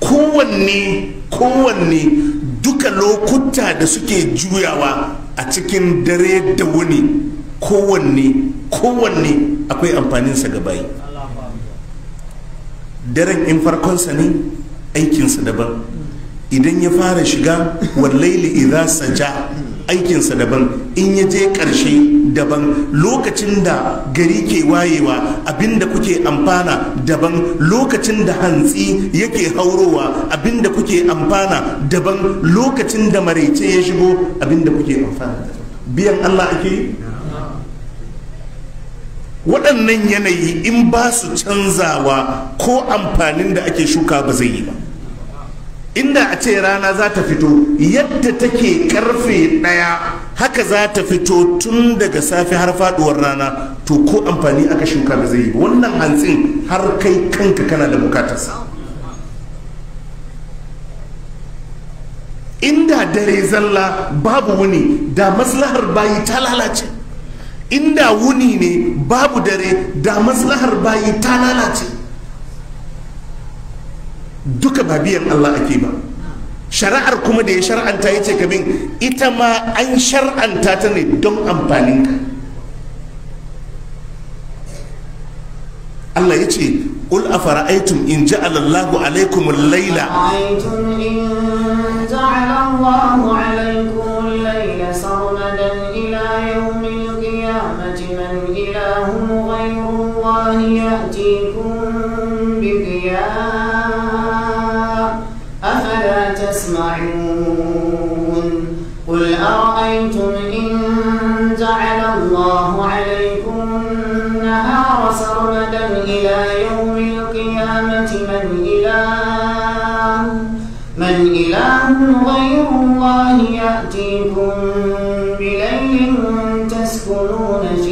kowanne kowanne duka lokuta da suke juyawa a cikin dare da wani kowanne kowanne akwai amfaninsa ga bayi daren in farkonsa ne aikinsa daban idan ya fara shiga wallaili idza saja aikinsa daban in ya je karshe daban lokacin da gari ke wayewa abinda kuke amfana daban lokacin da hantsi yake haurowa abinda kuke amfana daban lokacin da maraice ya shigo abinda kuke amfana biyan Allah ake waɗannan yanayi in ba su canzawa ko amfanin da ake shuka ba zai yi ba inda a ce rana za ta fito yadda take karfe ɗaya haka za ta fito tun daga safe har faɗuwar rana to ko amfani aka shuka ba zai yi ba wannan hantsin har kai kanka kana da bukatarsa inda dare zalla babu wani da maslahar bayi ta lalace inda wuni ne babu dare da maslahar bayi ta lalace duka ba biyan Allah ake ba shari'ar kuma da ya shar'anta ya ce kamin ita ma an shar'anta ta ne don amfanin ka Allah ya ce قل أفرأيتم إن جعل الله عليكم الليل أفرأيتم إن جعل الله عليكم الليل سرمدا إلى يوم لكم غير الله يأتيكم بضياء أفلا تسمعون قل أرأيتم إن جعل الله عليكم النهار سرمدا إلى يوم القيامة من إله من إله غير الله يأتيكم بليل تسكنون فيه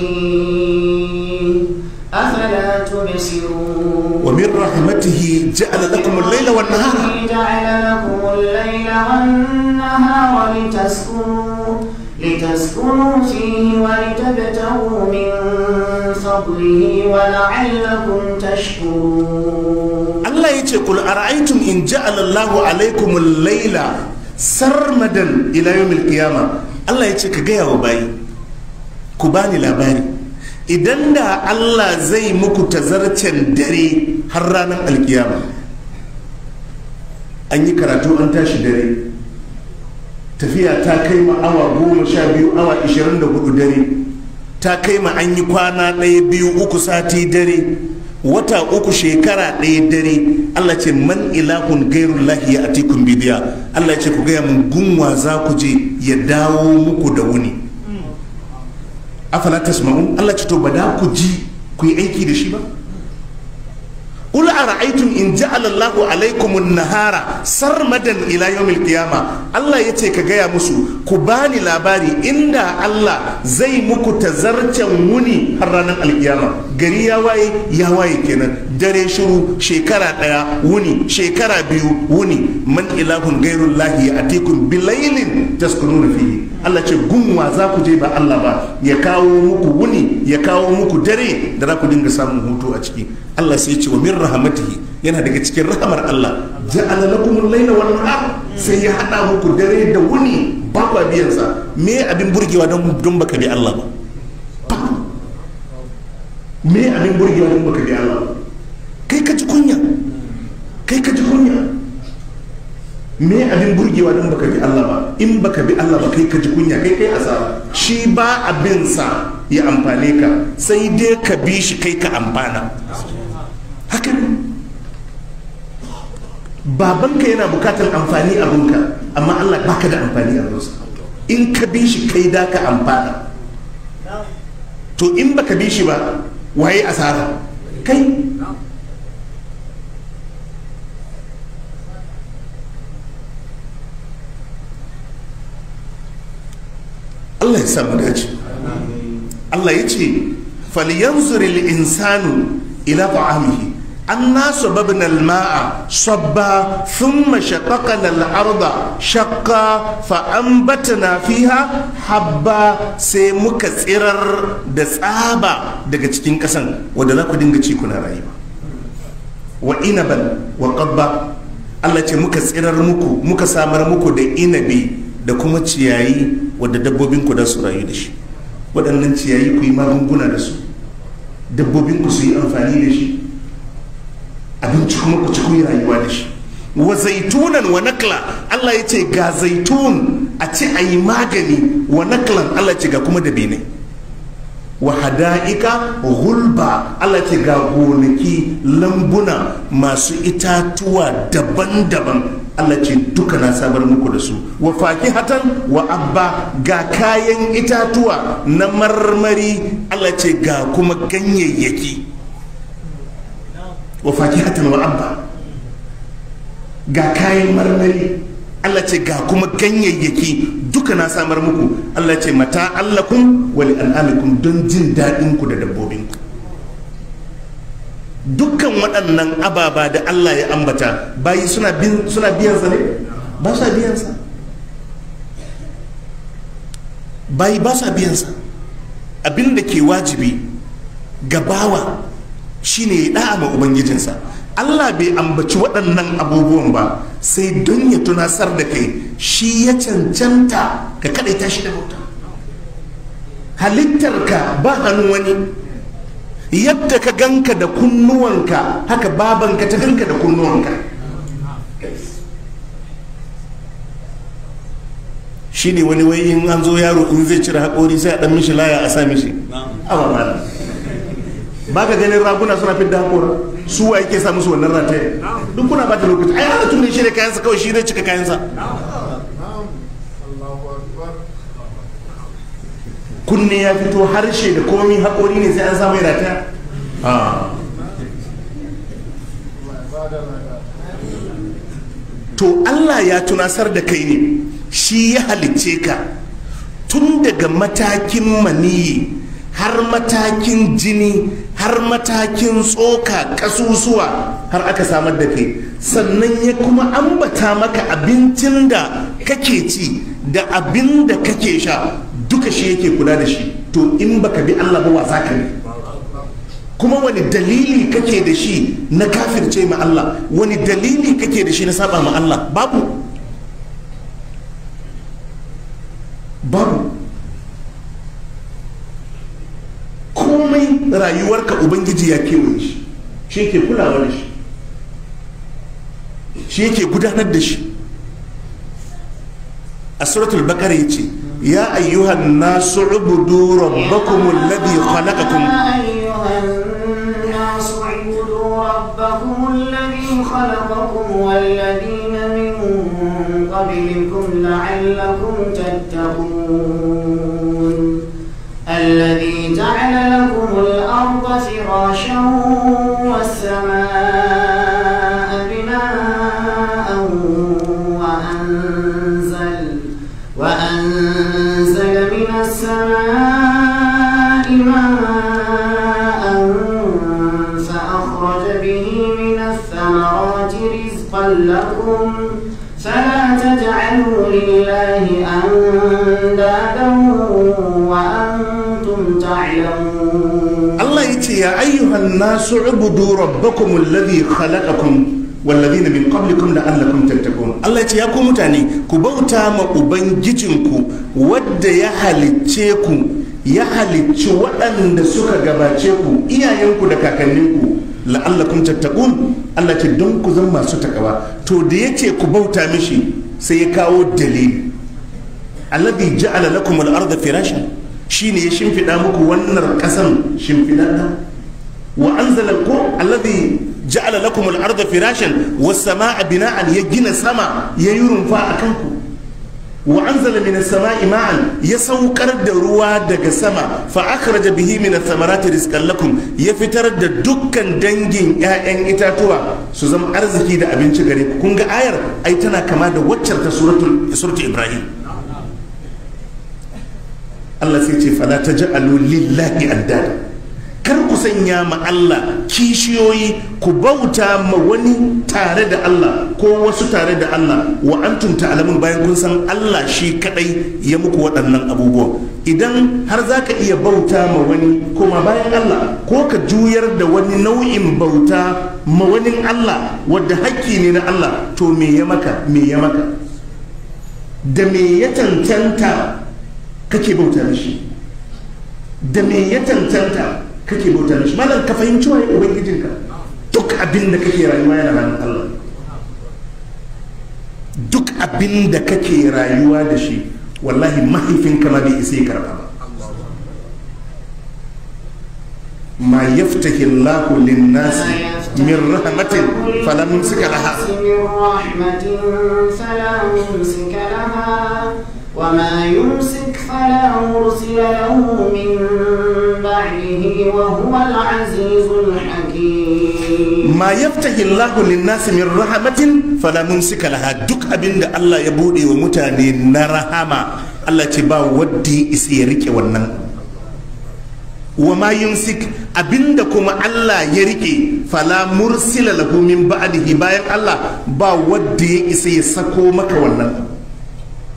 رحمته جعل لكم الليل والنهار جعل لكم الليل والنهار لتسكنوا لتسكنوا فيه ولتبتغوا من فضله ولعلكم تشكرون الله يقول أرأيتم إن جعل الله عليكم الليل sarmadan ila yawmil qiyama Allah ya ce ka gaya wa bayi ku bani labari idan da allah zai muku tazarcen dare har ranar alkiyama an yi karatu an tashi dare tafiya ta kai ma awa goma sha biyu awa ishirin dare ta kai ma an yi kwana ɗaya biyu uku sati dare wata uku shekara ɗaya dare allah ce man ilahun gairullahi a tikun bidiya allah ce ku gaya mun gunwa za ku je ya dawo muku da wuni afala tasma'un Allah ce to ba ku ji ku yi aiki da shi ba Kula a ra'aitun in ji alallahu alaikumun nahara sar madan ila yau kiyama Allah ya ce ka gaya musu ku bani labari inda Allah zai muku ta zarcen wuni har ranar alkiyama gari ya yawaye kenan dare shiru shekara ɗaya wuni shekara biyu wuni man ilahun gairun lahi a tekun bilailin taskunun rufi Allah ce gunwa za ku je ba Allah ba ya kawo muku wuni ya kawo muku dare da za ku dinga samun hutu a ciki Allah sai ce wa mir rahmatihi yana daga cikin rahamar Allah ja'ala lakumul laila wal nahar sai ya hada muku dare da wuni ba kwa biyan sa me abin burgewa don don baka bi Allah ba me abin burgewa don baka bi Allah ba kai ka ji kunya kai ka ji kunya me abin burgewa don baka bi Allah ba in baka bi Allah ba kai ka ji kunya kai kai asara shi ba abin sa ya amfane ka sai dai ka bi shi kai ka amfana haka ne babanka yana bukatar amfani a abinka amma allah baka da amfani a abinsa in ka bi shi kai da ka amfana to in baka bi shi ba waye asara kai Allah ya samu dace Allah ya ce falyanzuril insanu ila ta'amihi an nasu babu nalma'a sabba sun mace ƙwaƙanar shakka fa an ba ta nafiha habba sai muka tsirar da tsaba daga cikin ƙasan wadda za ku dinga ciku na rayuwa waɗina ban waƙar ba allah ce muka tsirar muku muka samar muku da inabi da kuma ciyayi wadda dabbobinku za su rayu da shi waɗannan ciyayi kuyi magunguna da su dabbobinku su yi amfani da shi. abinci kuma ku ci ku yi rayuwa da shi wa zaitunan wa nakla Allah ya ce ga zaitun a ce a yi magani wa naklan Allah ce ga kuma da bene wa hada'ika gulba Allah ce ga gonaki lambuna masu itatuwa daban-daban Allah ce duka na sabar muku da su wa faki hatan wa abba ga kayan itatuwa na marmari Allah ce ga kuma ganyayyaki wa fakihatan wa abba ga kayan marmari Allah ce ga kuma ganyayyaki duka na samar muku Allah ce mata allakum wani al'amikun don jin daɗinku da dabbobinku dukkan waɗannan ababa da Allah ya ambata bayi suna biyansa ne ba sa biyansa bayi ba sa biyansa abinda ke wajibi gabawa shine ya da'a ma ubangijinsa Allah bai ambaci waɗannan abubuwan ba sai don ya tunasar da kai shi ya cancanta ka kaɗai tashi da bauta halittarka ba hannu wani yadda ka ganka da kunnuwanka haka babanka ta ganka da kunnuwanka ne wani wayin an zo yaro in zai cire haƙori sai a ɗan mishi laya a sa mishi awa ba ka ganin raguna suna fi da su wa yake sa musu wannan rataye duk kuna ta lokaci ai ana tun shi ne kayansa kawai shi ne cika kayansa kunne ya fito harshe da komi haƙori ne sai an samu ya rataya ah. to Allah ya tunasar da kai ne shi ya halicce ka tun daga matakin maniyi har matakin jini har matakin tsoka kasusuwa har aka samar da kai sannan ya kuma ambata maka abincin da kake ci da abin da kake sha duka shi yake kula da shi to in baka bi Allah ba wasa ka ne kuma wani dalili kake da shi na kafirce ma Allah wani dalili kake da shi na saba ma Allah babu na rayuwarka ubangiji ya kewaye shi shi yake kulawa da shi shi yake gudanar da shi a suratul bakara ya ce ya ayyuhan nasu ubudu rabbakum alladhi khalaqakum ربكم الذي خلقكم والذين من قبلكم لعلكم تتقون فراشا والسماء بناء وأنزل, وأنزل من السماء ماء فأخرج به من الثمرات رزقا لكم فلا تجعلوا لله أندادا ce ya ayyuhan nasu ubudu rabbakum alladhi khalaqakum wallazina min qablikum la'allakum tattaqun Allah ya ce ya ku mutane ku bauta ma ubangijinku wadda ya halicce ku ya halicci waɗanda suka gabace ku iyayenku da kakanninku la'allakum tattaqun Allah ce don ku zan masu takawa to da yace ku bauta mishi sai ya kawo dalili alladhi ja'ala lakum al-ardha firashan Shi ne ya shimfiɗa muku wannan ƙasan shimfiɗaɗɗa wa anzala ko alladhi ja'ala lakum al-ardha firashan was-samaa bina'an ya gina sama ya yi rumfa akan ku wa anzala minas samaai ma'an ya saukar da ruwa daga sama fa akhraja bihi min ath-thamarati rizqan lakum ya fitar da dukkan dangin 'ya'yan itatuwa su zama arziki da abinci gare ku kun ga ayar ai tana kama da waccar ta suratul ibrahim Allah sai ce fala ta ja'alu lillahi andada kar ku sanya ma Allah kishiyoyi ku bauta ma wani tare da Allah ko wasu tare da Allah wa antum ta'lamun bayan kun san Allah shi kadai ya muku waɗannan abubuwa idan har za ka iya bauta ma wani kuma bayan Allah ko ka juyar da wani nau'in bauta ma wani Allah wadda hakki ne na Allah to me ya maka me ya maka da me ya tantanta? kake bauta shi da me ya tantanta kake bauta shi malam ka fahimci waye ubangijinka duk abin da kake rayuwa yana hannun Allah duk abin da kake rayuwa da shi wallahi mahaifinka kama bai isa karba ba ma yaftahi Allahu lin-nasi min رحمة فلا suka لها وما يمسك فلا مرسل له من بعده وهو العزيز الحكيم ما يفتح الله للناس من رحمة فلا ممسك لها دك أبن الله يبودي ومتاني نرحمة الله تبا ودي إسيرك ونن وما يمسك yumsik abinda kuma Allah ya rike fala mursila lahu min ba'dihi bayan Allah ba wanda ya isa ya sako maka wannan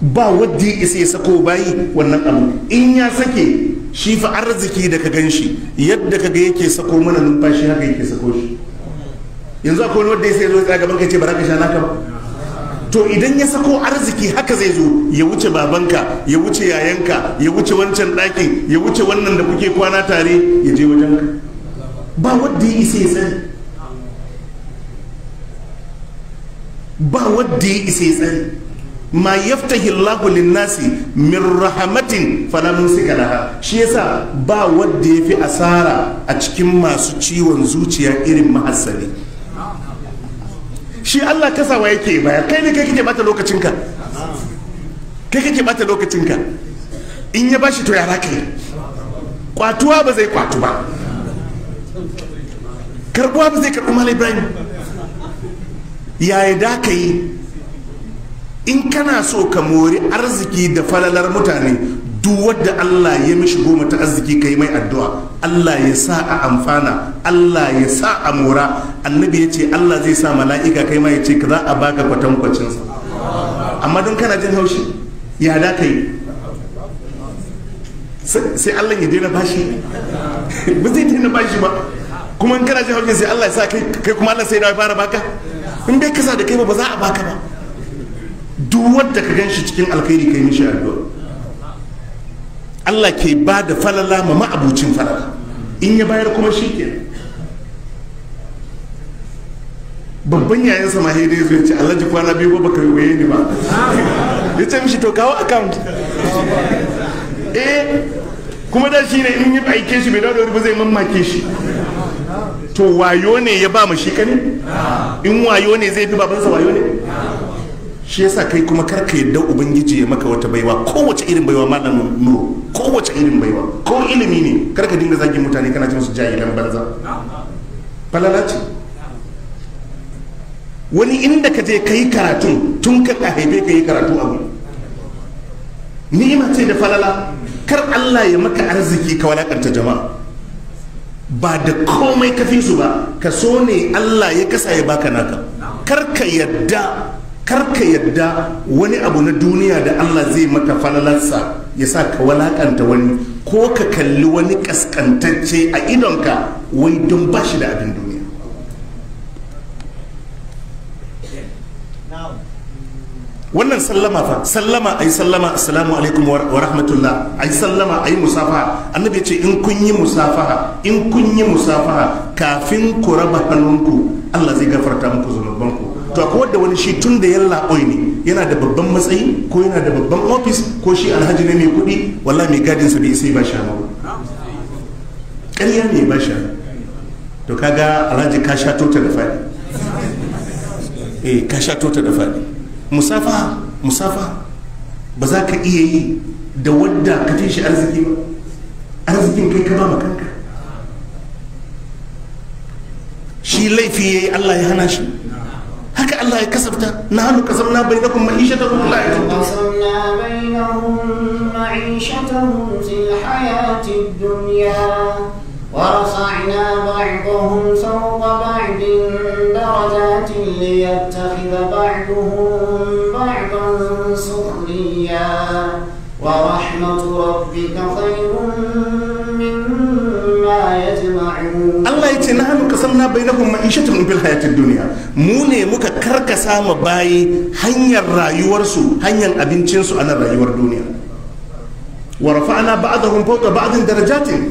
ba wadda ya isa ya sako bayi wannan abu in ya sake shi fa arziki da ka gan shi yadda ka ga yake sako mana numfashi haka yake sako shi yanzu akwai wadda ya sai zo tsaya gaban ka ce ba za ka sha naka ba to idan ya sako arziki haka zai zo ya wuce babanka ya wuce yayanka ya wuce wancan ɗakin ya wuce wannan da kuke kwana tare ya je wajen ka ba wadda ya isa ya sani ba wadda ya isa ya sani ma yaftahi Allahu linnasi min rahamatin fala mumsika laha shi yasa ba wanda yafi asara a cikin masu ciwon zuciya irin mahassali shi Allah kasawa yake bayar kai ne kai kake bata lokacinka kai kake bata lokacinka in ya bashi to ya rakai kwatuwa ba zai kwatu ba karbuwa ba zai karbu mal ibrahim yaya da ka yi in kana so ka mori arziki da falalar mutane duk wadda Allah ya mishi goma ta arziki kai mai addu'a Allah ya sa a amfana Allah ya sa a mora annabi ya ce Allah zai sa mala'ika kai ma ya ce ka za a baka kwatankwacin sa amma don kana jin haushi ya da kai sai Allah ya daina bashi ba zai daina bashi ba kuma in kana jin haushi sai Allah ya sa kai kuma Allah sai ya fara baka in bai kasa da kai ba ba za a baka ba duk ka ganshi cikin alkhairi kai mishi addu'a Allah ke ba da falala ma ma'abucin falala in ya bayar kuma shi ke babban yayin sama hede ya Allah ji kwana biyu ba ka waye ni ba ya ce mishi to kawo account eh kuma da shi ne in yi aike shi bai dawo da zai mamake shi to wayo ne ya ba mu shi kane in wayo ne zai fi babansa wayo ne shi yasa kai kuma karka yadda ubangiji ya maka wata baiwa kowace irin baiwa malam nuru kowace irin baiwa ko ilimi ne karka dinga zagin mutane kana jin su jahilan banza falala ce wani inda ka je kai karatu tun ka haife ka yi karatu abu ni'ima ce da falala kar Allah ya maka arziki ka walakanta jama'a ba da komai ka su ba ka so ne Allah ya kasa ya baka naka kar ka yadda karka yadda wani abu na duniya da Allah zai maka falalarsa ya sa ka walakanta wani ko ka kalli wani kaskantacce a idonka wai don ba shi da abin duniya wannan sallama fa sallama ai sallama assalamu alaikum wa rahmatullah ai sallama ai musafaha annabi ce in kun yi musafaha in kun yi musafaha kafin ku raba hannunku Allah zai gafarta muku zunubanku to akwai wadda wani shi tun da yalla oi ne yana da babban matsayi ko yana da babban ofis ko shi alhaji ne mai kuɗi wallahi mai gadin su bai sai ba shi ba ƙarya ne ba shi to kaga alhaji ka sha tota da faɗi eh ka sha tota da faɗi musafa musafa ba za ka iya yi da wadda ka fi shi arziki ba arzikin kai ka ba ma kanka shi laifi ya yi Allah ya hana shi هكا الله يكسبته نحن كسبنا بينكم معيشتكم الله كسبنا بينهم معيشتهم في الحياة الدنيا ورفعنا بعضهم فوق بعض درجات ليتخذ بعضهم بعضا سخريا ورحمة ربك خير Allah ya ce na hannu kasar na bai nahun ma'ishatun bil hayatin duniya mu ne muka karkasa ma bayi hanyar rayuwarsu hanyar abincinsu a nan rayuwar duniya wa rafa'ana ba'dahum fawqa ba'din darajatin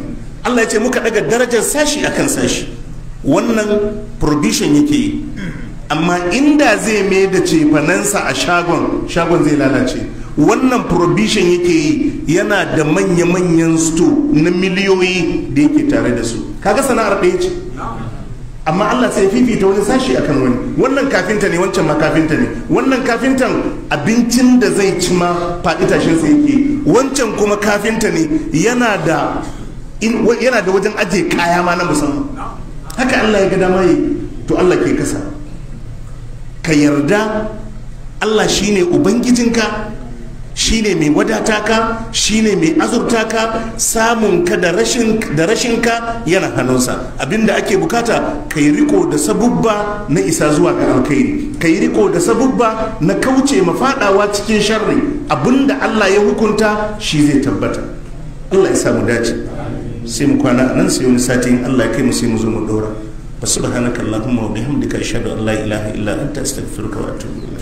Allah ya ce muka daga darajar sashi akan sashi wannan provision yake yi amma inda zai mai da cefanansa a shagon shagon zai lalace wannan provision yake yi yana da manya-manyan sto na miliyoyi da yake tare da su kaga sana'ar ɗaya ce amma Allah sai fifita wani sashi akan wani wannan kafinta ne wancan ma kafinta ne wannan kafintan abincin da zai ci ma faɗi tashin sa yake wancan kuma kafinta ne yana da yana da wajen aje kaya ma na musamman haka Allah ya ga dama yi to Allah ke kasa ka yarda Allah shine ubangijinka Shi ne mai wadata ka ne mai azurta ka samun ka da rashin ka yana hannunsa abinda ake bukata ka yi riko da sabubba na isa zuwa ga alkhairi ka yi riko da sabubba na kauce mafaɗawa cikin sharri abinda Allah ya hukunta shi zai tabbata Allah ya samu dace sai mu kwana nan sai wani sati in Allah ya kai mu sai mu zo mu dora subhanakallahumma wa bihamdika ashhadu an la ilaha illa anta astaghfiruka wa atubu